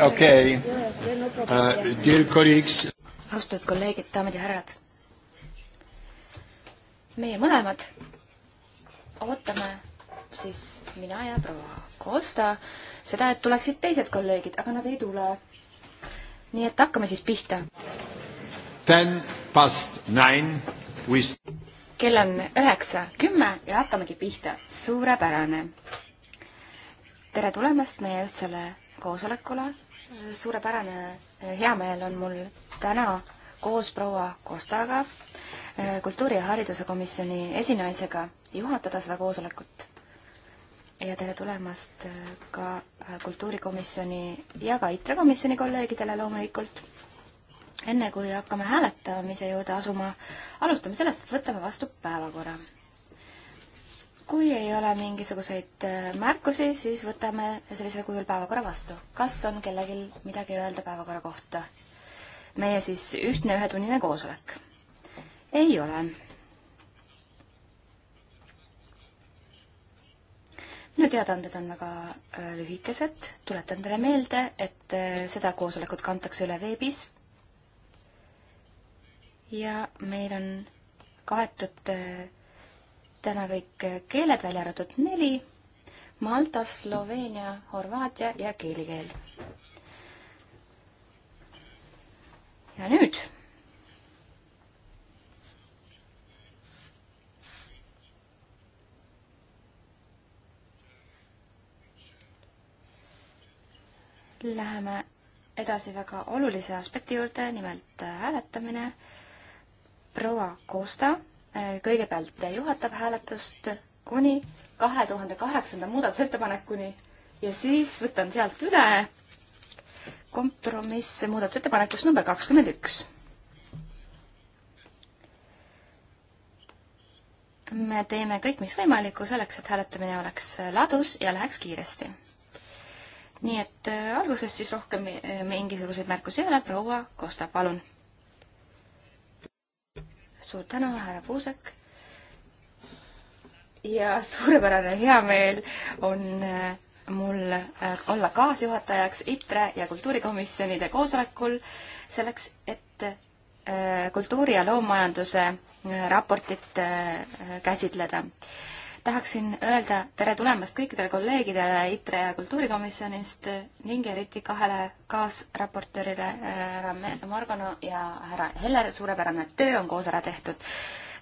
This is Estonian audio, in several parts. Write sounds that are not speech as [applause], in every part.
okei okay. uh,, dear colleagues. austatud kolleegid, daamid ja härrad. meie mõlemad ootame siis mina ja proua Kosta seda, et tuleksid teised kolleegid, aga nad ei tule. nii et hakkame siis pihta. Ten past nine with kell on üheksa kümme ja hakkamegi pihta. suurepärane. tere tulemast meie ühtsele koosolekule, suurepärane eh, heameel on mul täna koos proua Kostaga, eh, kultuuri- ja haridusekomisjoni esinaisega juhatada seda koosolekut. ja tere tulemast eh, ka kultuurikomisjoni ja ka ITRE komisjoni kolleegidele loomulikult. enne kui hakkame hääletamise juurde asuma, alustame sellest, et võtame vastu päevakorra kui ei ole mingisuguseid äh, märkusi, siis võtame sellisel kujul päevakorra vastu. kas on kellelgi midagi öelda päevakorra kohta? meie siis ühtne ühetunnine koosolek. ei ole. minu teadaanded on väga äh, lühikesed, tuletan teile meelde, et äh, seda koosolekut kantakse üle veebis. ja meil on kaetud täna kõik keeled, välja arvatud neli, Malta, Sloveenia, Horvaatia ja keelikeel. ja nüüd Läheme edasi väga olulise aspekti juurde, nimelt hääletamine. proua Kosta kõigepealt juhatab hääletust kuni kahe tuhande kaheksanda muudatusettepanekuni ja siis võtan sealt üle kompromiss muudatusettepanekust number kakskümmend üks. me teeme kõik, mis võimalikku selleks, et hääletamine oleks ladus ja läheks kiiresti. nii et äh, alguses siis rohkem äh, mingisuguseid märkusi ei ole, proua Kosta, palun suur tänu, härra Puusek. ja suurepärane heameel on äh, mul äh, olla kaasjuhatajaks ITRE ja kultuurikomisjonide koosolekul selleks, et äh, kultuuri ja loomajanduse raportit käsitleda tahaksin öelda tere tulemast kõikidele kolleegidele ITRE ja Kultuurikomisjonist ning eriti kahele kaasraportöörile, härra Meeldo Morgano ja härra Heller, suurepärane töö on koos ära tehtud.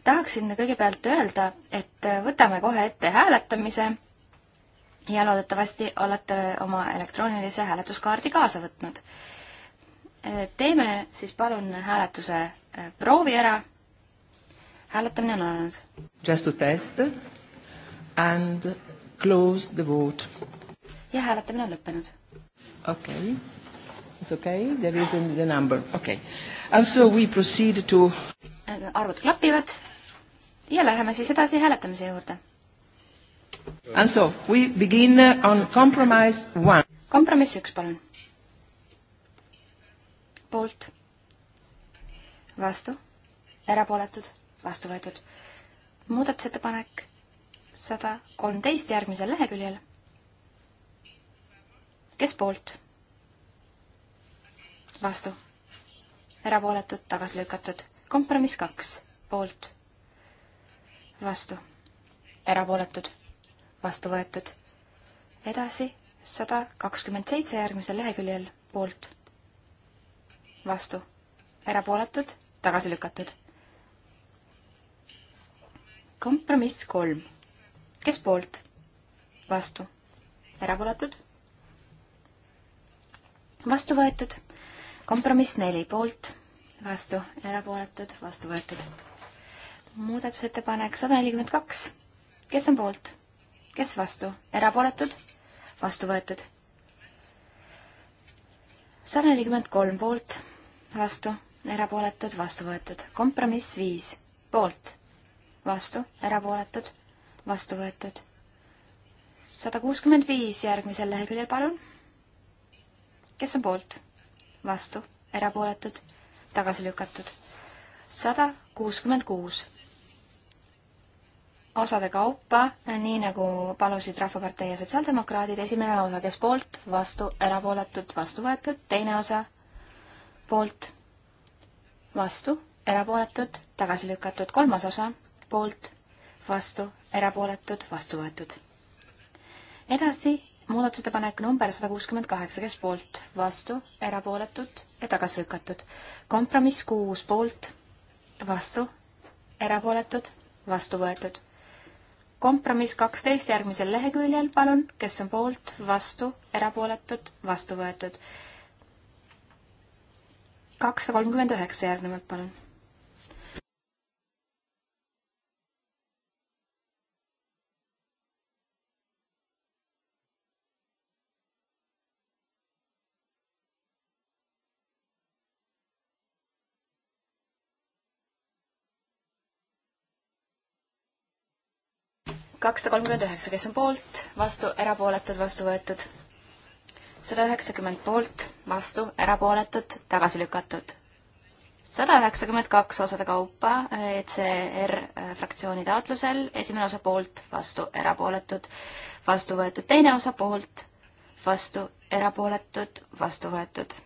tahaksin kõigepealt öelda, et võtame kohe ette hääletamise ja loodetavasti olete oma elektroonilise hääletuskaardi kaasa võtnud. teeme siis palun hääletuse proovi ära hääletamine on alanud. Just to test and close the vote. ja hääletamine on lõppenud. okei okay., it's okei okay., there is the number, okei okay.. And so we proceed to äh, arvud klapivad ja läheme siis edasi hääletamise juurde. And so we begin on compromise one. kompromiss üks, palun. poolt, vastu, erapooletud, vastu võetud. muudatusettepanek sada kolmteist järgmisel leheküljel. kes poolt? vastu. erapooletud, tagasi lükatud. kompromiss kaks, poolt. vastu. erapooletud, vastu võetud. edasi sada kakskümmend seitse järgmisel leheküljel, poolt. vastu. erapooletud, tagasi lükatud kompromiss kolm, kes poolt? vastu. erapooletud? vastu võetud. kompromiss neli poolt, vastu, erapooletud, vastu võetud. muudatusettepanek sada nelikümmend kaks. kes on poolt? kes vastu? erapooletud? vastu võetud. sada nelikümmend kolm poolt, vastu, erapooletud, vastu võetud. kompromiss viis poolt, vastu, erapooletud vastu võetud. sada kuuskümmend viis järgmisel leheküljel, palun. kes on poolt? vastu, erapooletud, tagasi lükatud. sada kuuskümmend kuus. osade kaupa, nii nagu palusid Rahvapartei ja Sotsiaaldemokraadid, esimene osa, kes poolt, vastu, erapooletud, vastu võetud, teine osa, poolt, vastu, erapooletud, tagasi lükatud, kolmas osa, poolt vastu, erapooletud, vastu võetud. edasi muudatusettepanek number sada kuuskümmend kaheksa, kes poolt, vastu, erapooletud ja tagasi lükatud. kompromiss kuus poolt, vastu, erapooletud, vastu võetud. kompromiss kaksteist järgmisel leheküljel, palun, kes on poolt, vastu, erapooletud, vastu võetud. kakssada kolmkümmend üheksa järgnevalt, palun kakssada kolmkümmend üheksa, kes on poolt, vastu, erapooletud, vastu võetud. sada üheksakümmend poolt, vastu, erapooletud, tagasi lükatud. sada üheksakümmend kaks osade kaupa ECR äh, fraktsiooni taotlusel, esimene osa poolt, vastu, erapooletud, vastu võetud, teine osa poolt, vastu, erapooletud, vastu võetud.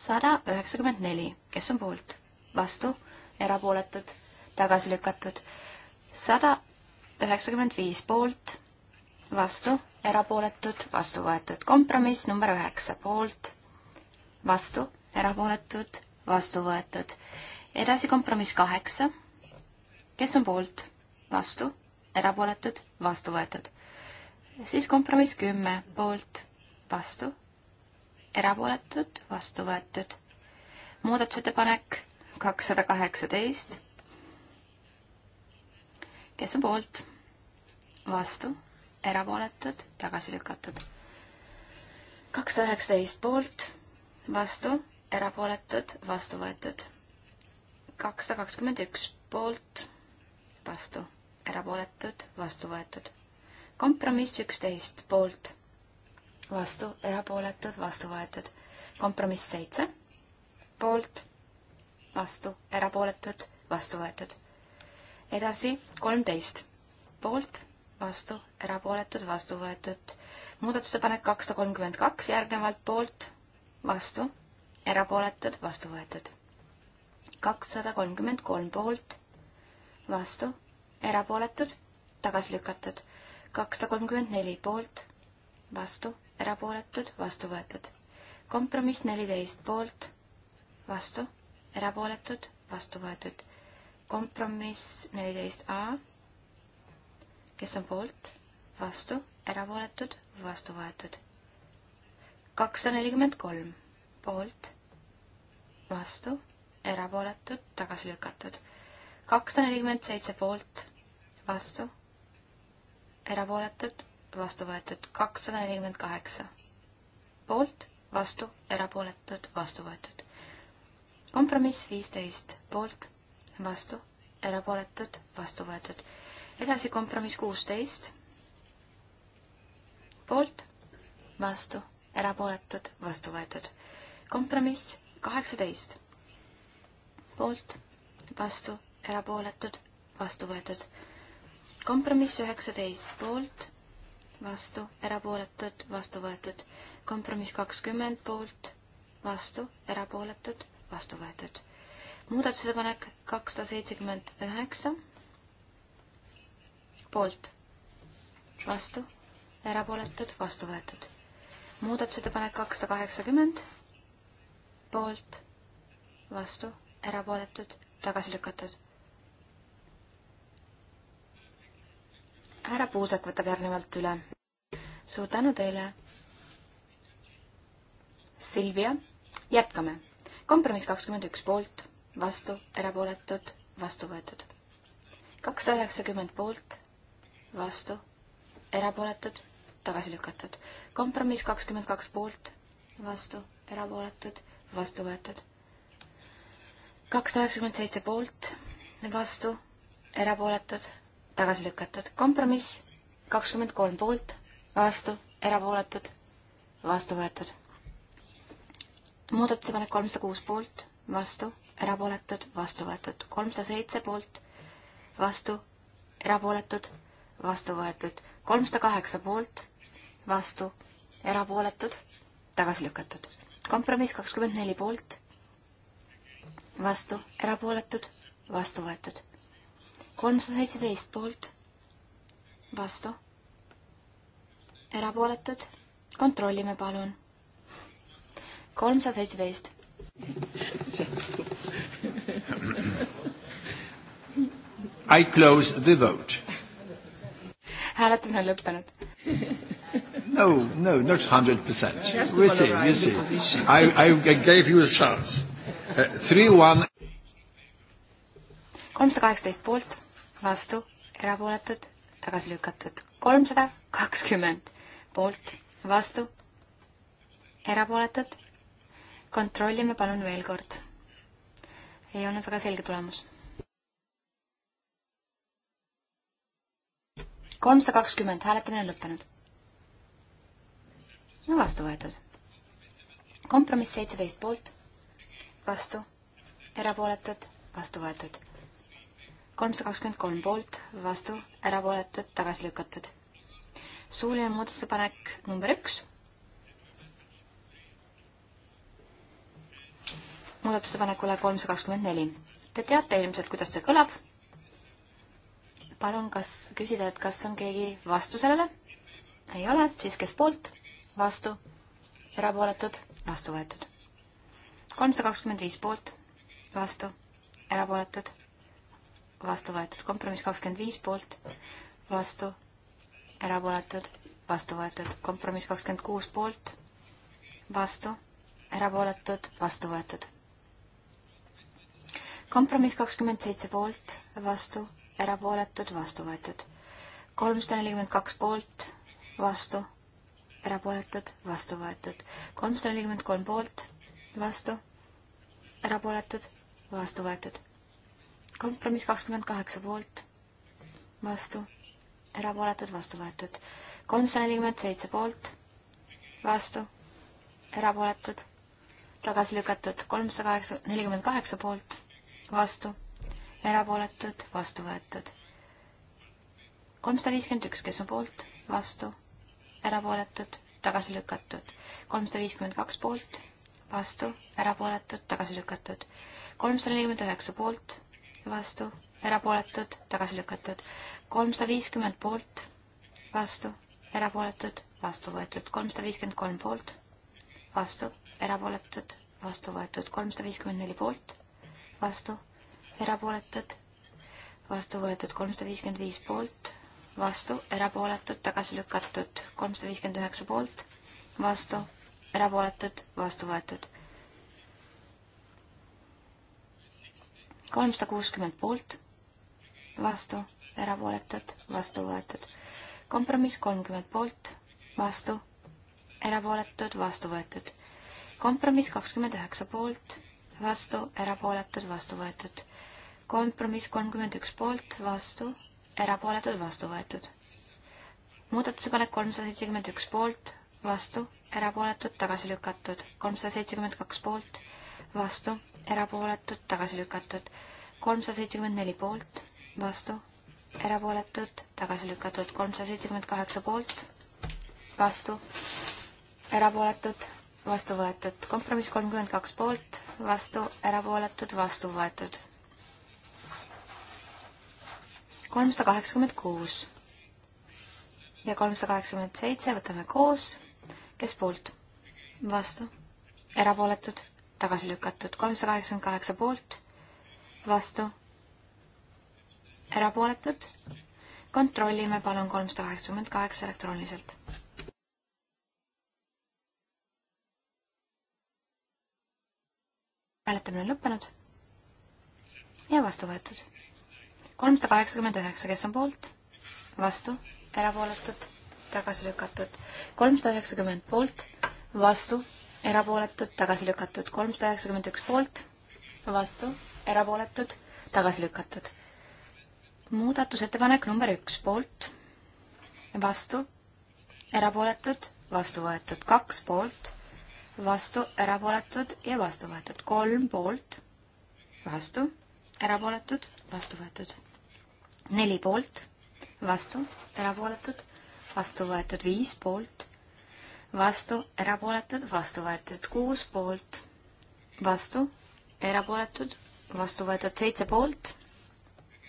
sada üheksakümmend neli, kes on poolt, vastu, erapooletud, tagasi lükatud sada üheksakümmend viis poolt, vastu, erapooletud, vastu võetud. kompromiss number üheksa poolt, vastu, erapooletud, vastu võetud. edasi kompromiss kaheksa. kes on poolt, vastu, erapooletud, vastu võetud. siis kompromiss kümme poolt, vastu, erapooletud, vastu võetud. muudatusettepanek kakssada kaheksateist kes on poolt, vastu, erapooletud, tagasi lükatud. kakssada üheksateist poolt, vastu, erapooletud, vastu võetud. kakssada kakskümmend üks poolt, vastu, erapooletud, vastu võetud. kompromiss üksteist poolt, vastu, erapooletud, vastu võetud kompromiss seitse, poolt, vastu, erapooletud, vastu võetud edasi kolmteist, poolt, vastu, erapooletud, vastu võetud. muudatusettepanek kakssada kolmkümmend kaks, järgnevalt poolt, vastu, erapooletud, vastu võetud. kakssada kolmkümmend kolm poolt, vastu, erapooletud, tagasi lükatud. kakssada kolmkümmend neli poolt, vastu, erapooletud, vastu võetud. kompromiss neliteist poolt, vastu, erapooletud, vastu võetud kompromiss neliteist A, kes on poolt, vastu, erapooletud, vastu võetud. kakssada nelikümmend kolm poolt, vastu, erapooletud, tagasi lükatud. kakssada nelikümmend seitse poolt, vastu, erapooletud, vastu võetud. kakssada nelikümmend kaheksa poolt, vastu, erapooletud, vastu võetud. kompromiss viisteist poolt vastu, erapooletud, vastu võetud. edasi kompromiss kuusteist, poolt, vastu, erapooletud, vastu võetud. kompromiss kaheksateist, poolt, vastu, erapooletud, vastu võetud. kompromiss üheksateist, poolt, vastu, erapooletud, vastu võetud. kompromiss kakskümmend, poolt, vastu, erapooletud, vastu võetud muudatusettepanek kakssada seitsekümmend üheksa, poolt, vastu, erapooletud, vastu võetud. muudatusettepanek kakssada kaheksakümmend, poolt, vastu, erapooletud, tagasi lükatud. härra Puusak võtab järgnevalt üle. suur tänu teile. Silvia, jätkame. kompromiss kakskümmend üks poolt vastu, erapooletud, vastu võetud. kakssada üheksakümmend poolt, vastu, erapooletud, tagasi lükatud. kompromiss kakskümmend kaks poolt, vastu, erapooletud, vastu võetud. kakssada üheksakümmend seitse poolt, vastu, erapooletud, tagasi lükatud. kompromiss kakskümmend kolm poolt, vastu, erapooletud, vastu võetud. muudatusepanek kolmsada kuus poolt, vastu erapooletud, vastu võetud. kolmsada seitse poolt, vastu, erapooletud, vastu võetud. kolmsada kaheksa poolt, vastu, erapooletud, tagasi lükatud. kompromiss kakskümmend neli poolt, vastu, erapooletud, vastu võetud. kolmsada seitseteist poolt, vastu, erapooletud, kontrollime palun. kolmsada seitseteist I close the vote. hääletamine on lõppenud. No, no, not 100%. We see, we see. I, I gave you a chance. Uh, three, one. kolmsada kaheksateist poolt, vastu, erapooletud, tagasi lükatud. kolmsada kakskümmend poolt, vastu, erapooletud, kontrollime palun veel kord. ei olnud väga selge tulemus. kolmsada kakskümmend, hääletamine on lõppenud. no vastu võetud. kompromiss seitseteist poolt, vastu, erapooletud, vastu võetud. kolmsada kakskümmend kolm poolt, vastu, erapooletud, tagasi lükatud. suuline muudatusepanek number üks muudatusettepanekule kolmsada kakskümmend neli. Te teate ilmselt, kuidas see kõlab. palun kas küsida, et kas on keegi vastu sellele? ei ole, siis kes poolt? vastu? erapooletud? vastu võetud. kolmsada kakskümmend viis poolt, vastu, erapooletud, vastu võetud. kompromiss kakskümmend viis poolt, vastu, erapooletud, vastu võetud. kompromiss kakskümmend kuus poolt, vastu, erapooletud, vastu võetud kompromiss kakskümmend seitse poolt, vastu, erapooletud, vastu võetud. kolmsada nelikümmend kaks poolt, vastu, erapooletud, vastu võetud. kolmsada nelikümmend kolm poolt, vastu, erapooletud, vastu võetud. kompromiss kakskümmend kaheksa poolt, vastu, erapooletud, vastu võetud. kolmsada nelikümmend seitse poolt, vastu, erapooletud, tagasi lükatud. kolmsada kaheksa, nelikümmend kaheksa poolt vastu, erapooletud, vastu võetud. kolmsada viiskümmend üks, kes on poolt, vastu, erapooletud, tagasi lükatud. kolmsada viiskümmend kaks poolt, vastu, erapooletud, tagasi lükatud. kolmsada nelikümmend üheksa poolt, vastu, erapooletud, tagasi lükatud. kolmsada viiskümmend poolt, vastu, erapooletud, vastu võetud. kolmsada viiskümmend kolm poolt, vastu, erapooletud, vastu võetud. kolmsada viiskümmend neli poolt vastu, erapooletud, vastu võetud kolmsada viiskümmend viis poolt, vastu, erapooletud, tagasi lükatud kolmsada viiskümmend üheksa poolt, vastu, erapooletud, vastu võetud. kolmsada kuuskümmend poolt, vastu, erapooletud, vastu võetud. kompromiss kolmkümmend poolt, vastu, erapooletud, vastu võetud. kompromiss kakskümmend üheksa poolt, vastu, erapooletud, vastu võetud. kompromiss kolmkümmend üks poolt, vastu, erapooletud, vastu võetud. muudatusepanek kolmsada seitsekümmend üks poolt, vastu, erapooletud, tagasi lükatud. kolmsada seitsekümmend kaks poolt, vastu, erapooletud, tagasi lükatud. kolmsada seitsekümmend neli poolt, vastu, erapooletud, tagasi lükatud. kolmsada seitsekümmend kaheksa poolt, vastu, erapooletud vastu võetud. kompromiss kolmkümmend kaks poolt, vastu, erapooletud, vastu võetud. kolmsada kaheksakümmend kuus ja kolmsada kaheksakümmend seitse võtame koos. kes poolt? vastu, erapooletud, tagasi lükatud. kolmsada kaheksakümmend kaheksa poolt, vastu, erapooletud. kontrollime palun kolmsada kaheksakümmend kaheksa elektrooniliselt hääletamine on lõppenud ja vastu võetud. kolmsada kaheksakümmend üheksa, kes on poolt, vastu, erapooletud, tagasi lükatud. kolmsada üheksakümmend poolt, vastu, erapooletud, tagasi lükatud. kolmsada üheksakümmend üks poolt, vastu, erapooletud, tagasi lükatud. muudatusettepanek number üks poolt, vastu, erapooletud, vastu võetud. kaks poolt vastu, erapooletud ja vastu võetud. kolm poolt, vastu, erapooletud, vastu võetud. neli poolt, vastu, erapooletud, vastu võetud. viis poolt, vastu, erapooletud, vastu võetud. kuus poolt, vastu, erapooletud, vastu võetud. seitse poolt,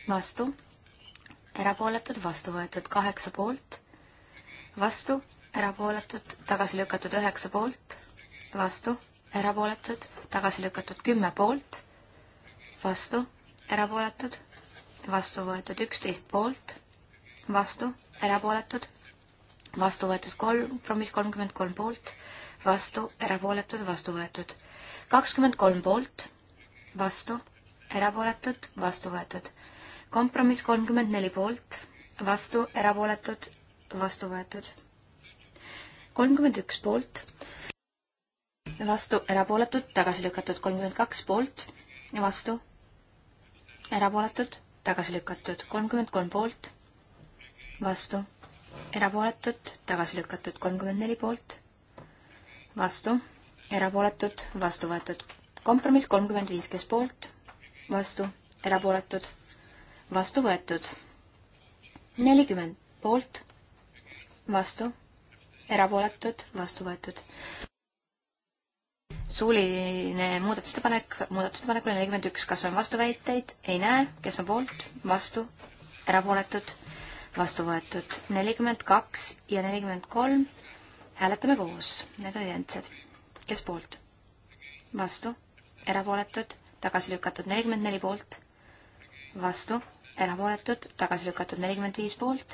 vastu, erapooletud, vastu võetud. kaheksa poolt, vastu, erapooletud, tagasi lükatud. üheksa poolt vastu, erapooletud, tagasi lükatud kümme poolt, vastu, erapooletud, vastu võetud üksteist poolt, vastu, erapooletud, vastu võetud kolm, promiss kolmkümmend kolm poolt, vastu, erapooletud, vastu võetud. kakskümmend kolm poolt, vastu, erapooletud, vastu võetud. kompromiss kolmkümmend neli poolt, vastu, erapooletud, vastu võetud. kolmkümmend üks poolt, vastu, erapooletud, tagasi lükatud, kolmkümmend kaks poolt, vastu, erapooletud, tagasi lükatud, kolmkümmend kolm poolt, vastu, erapooletud, tagasi lükatud, kolmkümmend neli poolt, vastu, erapooletud, vastu võetud, kompromiss kolmkümmend viis, kes poolt, vastu, erapooletud, vastu võetud, nelikümmend poolt, vastu, erapooletud, vastu võetud suuline muudatusettepanek, muudatusettepanekule nelikümmend üks, kas on vastuväiteid? ei näe, kes on poolt, vastu, erapooletud, vastu võetud. nelikümmend kaks ja nelikümmend kolm, hääletame koos, need on identsed. kes poolt? vastu, erapooletud, tagasi lükatud nelikümmend neli poolt, vastu, erapooletud, tagasi lükatud nelikümmend viis poolt,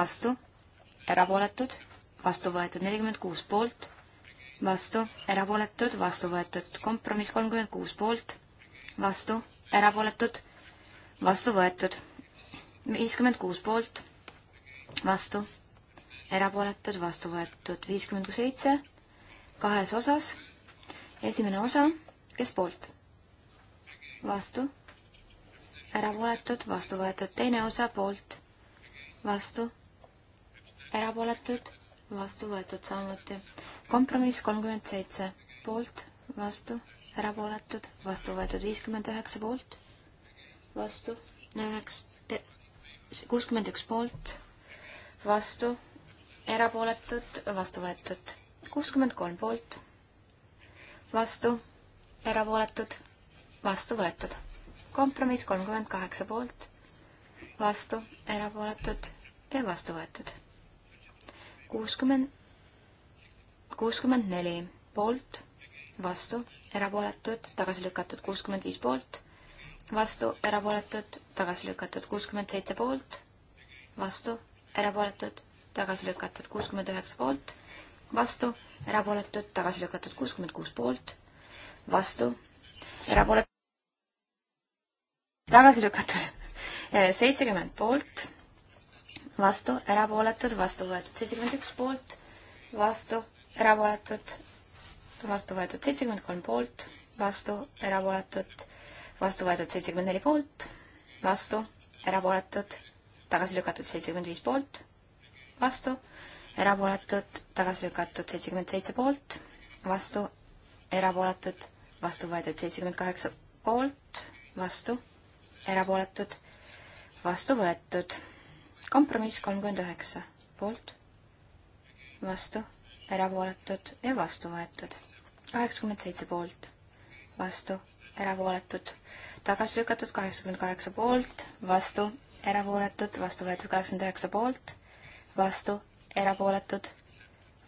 vastu, erapooletud, vastu võetud nelikümmend kuus poolt vastu, erapooletud, vastu võetud. kompromiss kolmkümmend kuus poolt, vastu, erapooletud, vastu võetud. viiskümmend kuus poolt, vastu, erapooletud, vastu võetud. viiskümmend seitse, kahes osas. esimene osa, kes poolt? vastu, erapooletud, vastu võetud. teine osa poolt, vastu, erapooletud, vastu võetud samuti kompromiss kolmkümmend seitse poolt, vastu, erapooletud, vastu võetud viiskümmend üheksa poolt, vastu üheks, e, kuuskümmend üks poolt, vastu, erapooletud, vastu võetud kuuskümmend kolm poolt, vastu, erapooletud, vastu võetud. kompromiss kolmkümmend kaheksa poolt, vastu, erapooletud ja vastu võetud. kuuskümmend kuuskümmend neli poolt, vastu, erapooletud, tagasi lükatud kuuskümmend viis poolt, vastu, erapooletud, tagasi lükatud kuuskümmend seitse poolt, vastu, erapooletud, tagasi lükatud kuuskümmend üheksa poolt, vastu, erapooletud, tagasi lükatud kuuskümmend kuus poolt, vastu, erapooletud, tagasi lükatud [laughs] seitsekümmend poolt, vastu, erapooletud, vastu võetud seitsekümmend üks poolt, vastu, erapooletud, vastu võetud seitsekümmend kolm poolt, vastu, erapooletud, vastu võetud seitsekümmend neli poolt, vastu, erapooletud, tagasi lükatud seitsekümmend viis poolt, vastu, erapooletud, tagasi lükatud seitsekümmend seitse poolt, vastu, erapooletud, vastu võetud seitsekümmend kaheksa poolt, vastu, erapooletud, vastu võetud. kompromiss kolmkümmend üheksa poolt, vastu erapooletud ja vastu võetud. kaheksakümmend seitse poolt, vastu, erapooletud, tagasi lükatud kaheksakümmend kaheksa poolt, vastu, erapooletud, vastu võetud kaheksakümmend üheksa poolt, vastu, erapooletud,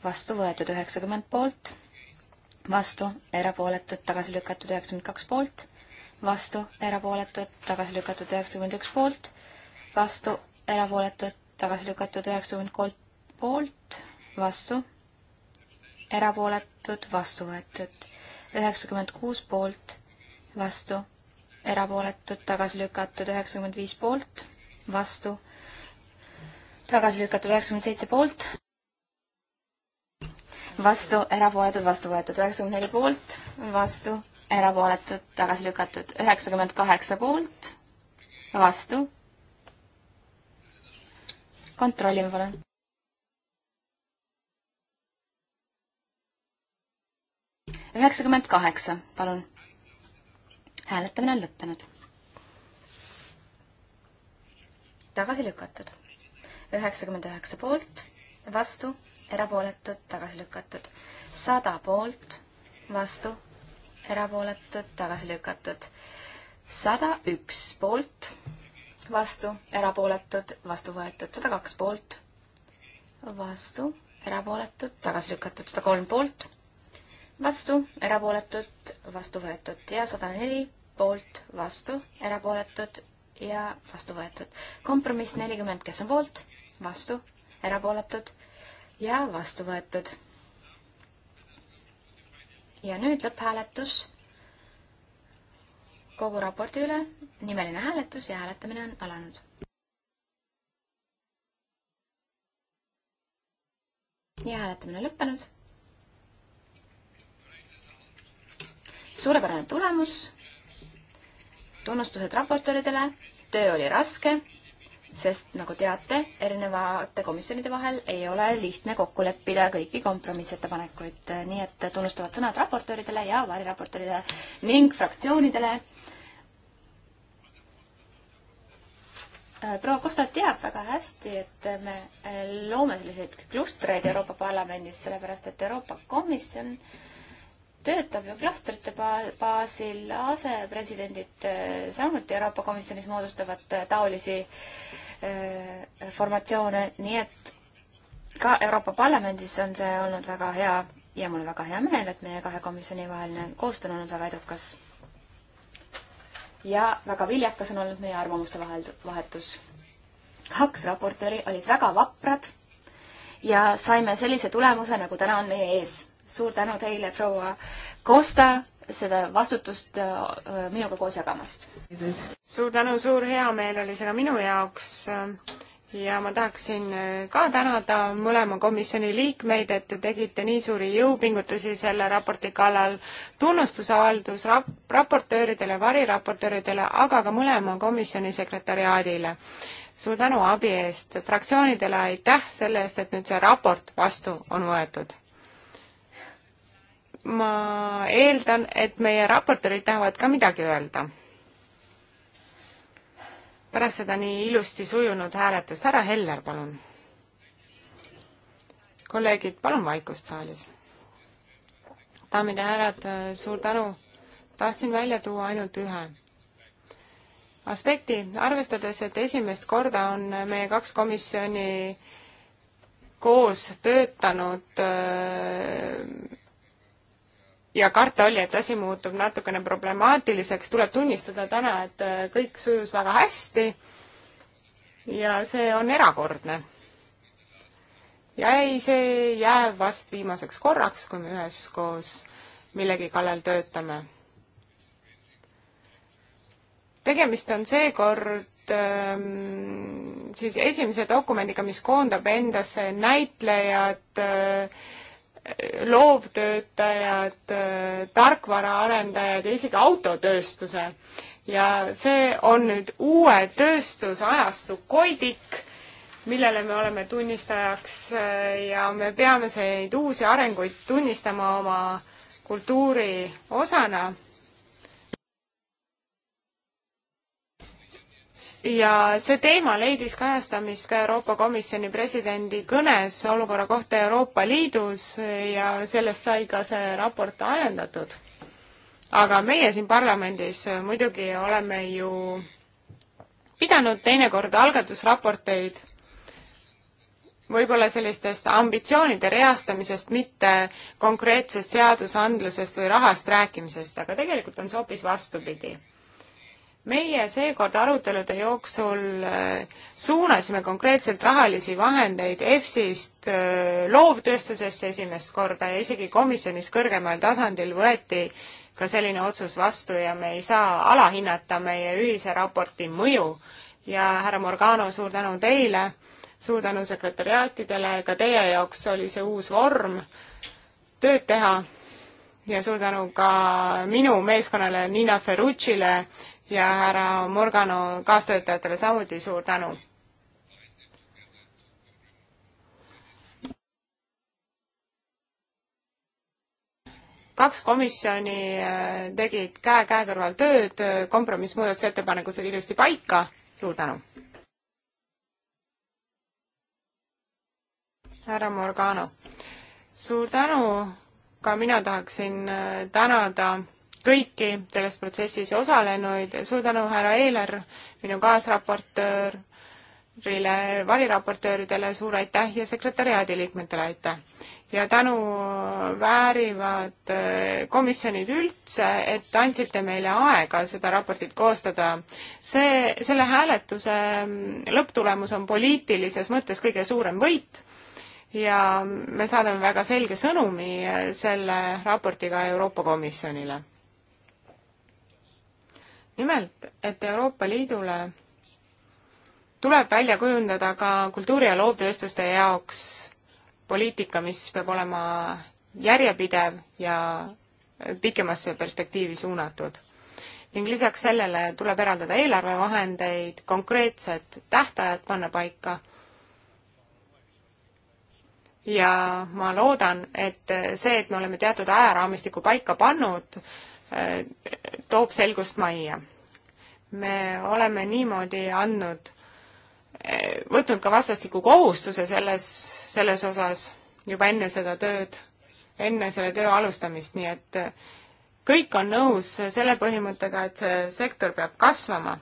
vastu võetud üheksakümmend poolt, vastu, erapooletud, tagasi lükatud üheksakümmend kaks poolt, vastu, erapooletud, tagasi lükatud üheksakümmend üks poolt, vastu, erapooletud, tagasi lükatud üheksakümmend kolm poolt, vastu, erapooletud, vastu võetud. üheksakümmend kuus poolt, vastu, erapooletud, tagasi lükatud, üheksakümmend viis poolt, vastu, tagasi lükatud, üheksakümmend seitse poolt, vastu, erapooletud, vastu võetud, üheksakümmend neli poolt, vastu, erapooletud, tagasi lükatud, üheksakümmend kaheksa poolt, vastu. kontrollime palun. üheksakümmend kaheksa, palun. hääletamine on lõppenud. tagasi lükatud. üheksakümmend üheksa poolt, vastu, erapooletud, tagasi lükatud. sada poolt, vastu, erapooletud, tagasi lükatud. sada üks poolt, vastu, erapooletud, vastu võetud. sada kaks poolt, vastu, erapooletud, tagasi lükatud. sada kolm poolt vastu, erapooletud, vastu võetud ja sada neli poolt, vastu, erapooletud ja vastu võetud. kompromiss nelikümmend, kes on poolt, vastu, erapooletud ja vastu võetud. ja nüüd lõpphääletus kogu raporti üle, nimeline hääletus ja hääletamine on alanud. ja hääletamine lõppenud suurepärane tulemus. tunnustused raportööridele, töö oli raske, sest nagu teate, erinevate komisjonide vahel ei ole lihtne kokku leppida kõiki kompromissettepanekuid, nii et tunnustavad sõnad raportööridele ja variraportööridele ning fraktsioonidele. Äh, proua Kosta teab väga hästi, et me äh, loome selliseid klustreid Euroopa Parlamendis, sellepärast et Euroopa Komisjon äh, töötab ju klastrite baasil, asepresidendid äh, samuti Euroopa Komisjonis moodustavad äh, taolisi äh, formatsioone, nii et ka Euroopa Parlamendis on see olnud väga hea ja mul on väga hea meel, et meie kahe komisjoni vaheline koostöö on olnud väga edukas. ja väga viljakas on olnud meie arvamuste vahel, vahetus. kaks raportööri olid väga vaprad ja saime sellise tulemuse, nagu täna on meie ees suur tänu teile, proua Kosta, seda vastutust äh, minuga koos jagamast. suur tänu, suur heameel oli see ka minu jaoks ja ma tahaksin äh, ka tänada mõlema komisjoni liikmeid, et te tegite nii suuri jõupingutusi selle raporti kallal. tunnustusavaldus rap-, raportööridele, variraportööridele, aga ka mõlema komisjoni sekretariaadile. suur tänu abi eest, fraktsioonidele aitäh selle eest, et nüüd see raport vastu on võetud ma eeldan, et meie raportöörid tahavad ka midagi öelda. pärast seda nii ilusti sujunud hääletust, härra Heller, palun. kolleegid, palun vaikust saalis. daamid ja härrad, suur tänu. tahtsin välja tuua ainult ühe aspekti, arvestades, et esimest korda on meie kaks komisjoni koos töötanud öö, ja karta oli, et asi muutub natukene problemaatiliseks, tuleb tunnistada täna, et äh, kõik sujus väga hästi ja see on erakordne. ja ei, see jääb vast viimaseks korraks, kui me üheskoos millegi kallal töötame. tegemist on seekord ähm, siis esimese dokumendiga, mis koondab endasse näitlejad äh,, loovtöötajad, tarkvaraarendajad ja isegi autotööstuse. ja see on nüüd uue tööstusajastu koidik, millele me oleme tunnistajaks eh, ja me peame neid uusi arenguid tunnistama oma kultuuri osana ja see teema leidis kajastamist ka Euroopa Komisjoni presidendi kõnes olukorra kohta Euroopa Liidus ja sellest sai ka see raport ajendatud. aga meie siin parlamendis muidugi oleme ju pidanud teinekord algatusraporteid võib-olla sellistest ambitsioonide reastamisest, mitte konkreetsest seadusandlusest või rahast rääkimisest, aga tegelikult on see hoopis vastupidi meie seekord arutelude jooksul äh, suunasime konkreetselt rahalisi vahendeid EFSist äh, loovtööstusesse esimest korda ja isegi komisjonis kõrgemal tasandil võeti ka selline otsus vastu ja me ei saa alahinnata meie ühise raporti mõju. ja härra Morgano, suur tänu teile, suur tänu sekretäriaatidele, ka teie jaoks oli see uus vorm tööd teha ja suur tänu ka minu meeskonnale Nina Ferrucile, ja härra Morgano kaastöötajatele samuti suur tänu. kaks komisjoni äh, tegid käe käe kõrval tööd, äh, kompromissmuudatusettepanekud said ilusti paika, suur tänu. härra Morgano, suur tänu, ka mina tahaksin äh, tänada kõiki selles protsessis osalenuid, suur tänu, härra Eeler, minu kaasraportöörile, variraportööridele suur aitäh ja sekretäriaadi liikmetele aitäh! ja tänu väärivad äh, komisjonid üldse, et andsite meile aega seda raportit koostada. see, selle hääletuse mm, lõpptulemus on poliitilises mõttes kõige suurem võit ja me saadame väga selge sõnumi äh, selle raportiga Euroopa Komisjonile nimelt, et Euroopa Liidule tuleb välja kujundada ka kultuuri- ja loovtööstuste jaoks poliitika, mis peab olema järjepidev ja pikemasse perspektiivi suunatud. ning lisaks sellele tuleb eraldada eelarvevahendeid, konkreetsed tähtajad panna paika ja ma loodan, et see, et me oleme teatud ajaraamistiku paika pannud, Äh, toob selgust majja. me oleme niimoodi andnud, äh, võtnud ka vastastikku kohustuse selles, selles osas juba enne seda tööd, enne selle töö alustamist, nii et äh, kõik on nõus selle põhimõttega, et see sektor peab kasvama.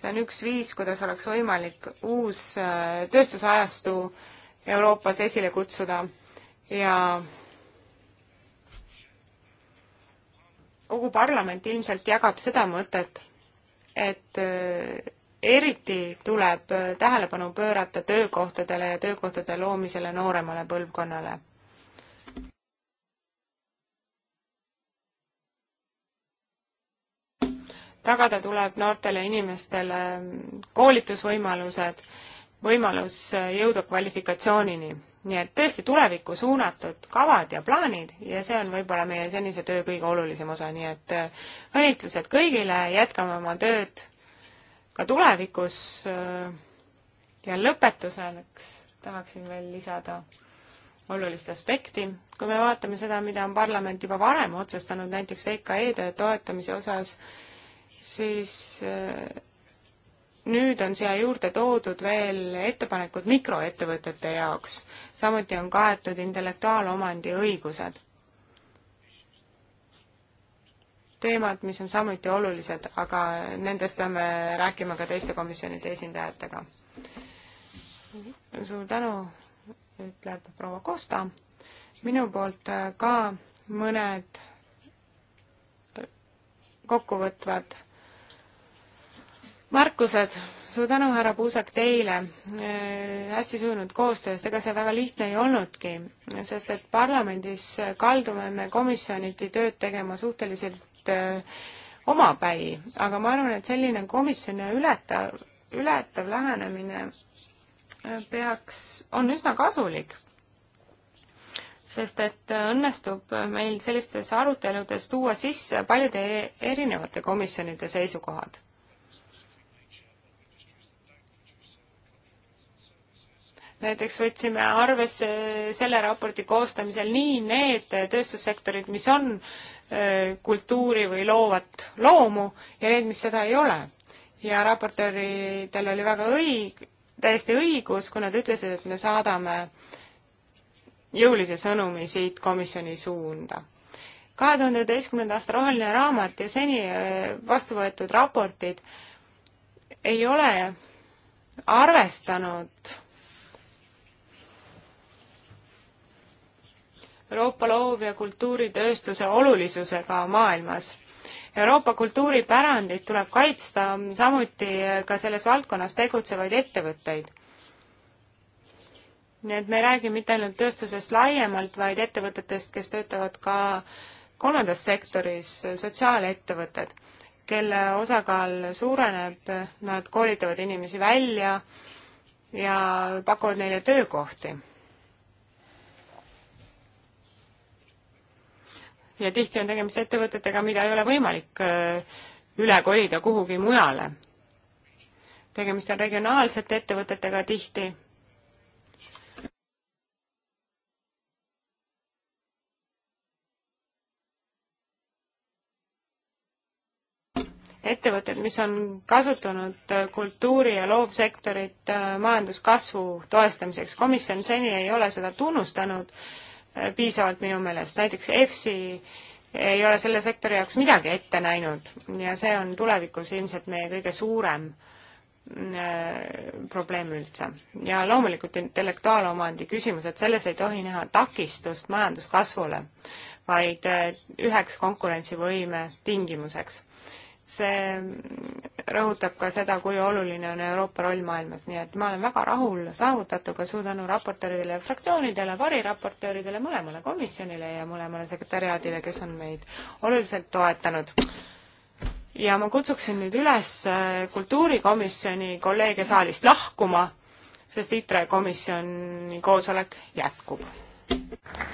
see on üks viis, kuidas oleks võimalik uus tööstusajastu Euroopas esile kutsuda ja kogu parlament ilmselt jagab seda mõtet, et äh, eriti tuleb äh, tähelepanu pöörata töökohtadele ja töökohtade loomisele nooremale põlvkonnale tagada tuleb noortele inimestele koolitusvõimalused võimalus jõuda kvalifikatsioonini. nii et tõesti tulevikku suunatud kavad ja plaanid ja see on võib-olla meie senise töö kõige olulisem osa, nii et äh, õnnitlused kõigile, jätkame oma tööd ka tulevikus. Äh, ja lõpetuseks tahaksin veel lisada olulist aspekti. kui me vaatame seda, mida on parlament juba varem otsustanud näiteks VKE-de toetamise osas, siis äh, nüüd on siia juurde toodud veel ettepanekud mikroettevõtete jaoks, samuti on kaetud intellektuaalomandi õigused. teemad, mis on samuti olulised, aga nendest peame rääkima ka teiste komisjonide esindajatega. suur tänu, ütleb proua Kosta. minu poolt ka mõned kokkuvõtvad märkused, suur tänu, härra Puusak, teile äh, hästi sujunud koostööst, ega see väga lihtne ei olnudki, sest et parlamendis kaldume me komisjoniti tööd tegema suhteliselt äh, omapäi, aga ma arvan, et selline komisjoni ületav, ületav lähenemine äh, peaks, on üsna kasulik sest et äh, õnnestub meil sellistes aruteludes tuua sisse paljude e-, erinevate komisjonide seisukohad. näiteks võtsime arvesse selle raporti koostamisel nii need tööstussektorid, mis on kultuuri või loovat loomu ja need, mis seda ei ole. ja raportööridel oli väga õig-, täiesti õigus, kui nad ütlesid, et me saadame jõulise sõnumi siit komisjoni suunda kahe tuhande üheteistkümnenda aasta roheline raamat ja seni vastu võetud raportid ei ole arvestanud Euroopa loov- ja kultuuritööstuse olulisusega maailmas. Euroopa kultuuripärandit tuleb kaitsta, samuti ka selles valdkonnas tegutsevaid ettevõtteid. nii et me ei räägi mitte ainult tööstusest laiemalt, vaid ettevõtetest, kes töötavad ka kolmandas sektoris, sotsiaalettevõtted, kelle osakaal suureneb, nad koolitavad inimesi välja ja pakuvad neile töökohti ja tihti on tegemist ettevõtetega, mida ei ole võimalik äh, üle kolida kuhugi mujale. tegemist on regionaalsete ettevõtetega tihti. ettevõtted, mis on kasutanud äh, kultuuri- ja loovsektorit äh, majanduskasvu toestamiseks. komisjon seni ei ole seda tunnustanud Äh, piisavalt minu meelest, näiteks EFSI ei ole selle sektori jaoks midagi ette näinud ja see on tulevikus ilmselt meie kõige suurem äh, probleem üldse. ja loomulikult intellektuaalomandi küsimused, selles ei tohi näha takistust majanduskasvule, vaid äh, üheks konkurentsivõime tingimuseks see rõhutab ka seda, kui oluline on Euroopa roll maailmas, nii et ma olen väga rahul saavutatuga, suur tänu raportööridele, fraktsioonidele, variraportööridele, mõlemale komisjonile ja mõlemale sekretäriaadile, kes on meid oluliselt toetanud. ja ma kutsuksin nüüd üles kultuurikomisjoni kolleege saalist lahkuma, sest ITRE komisjoni koosolek jätkub.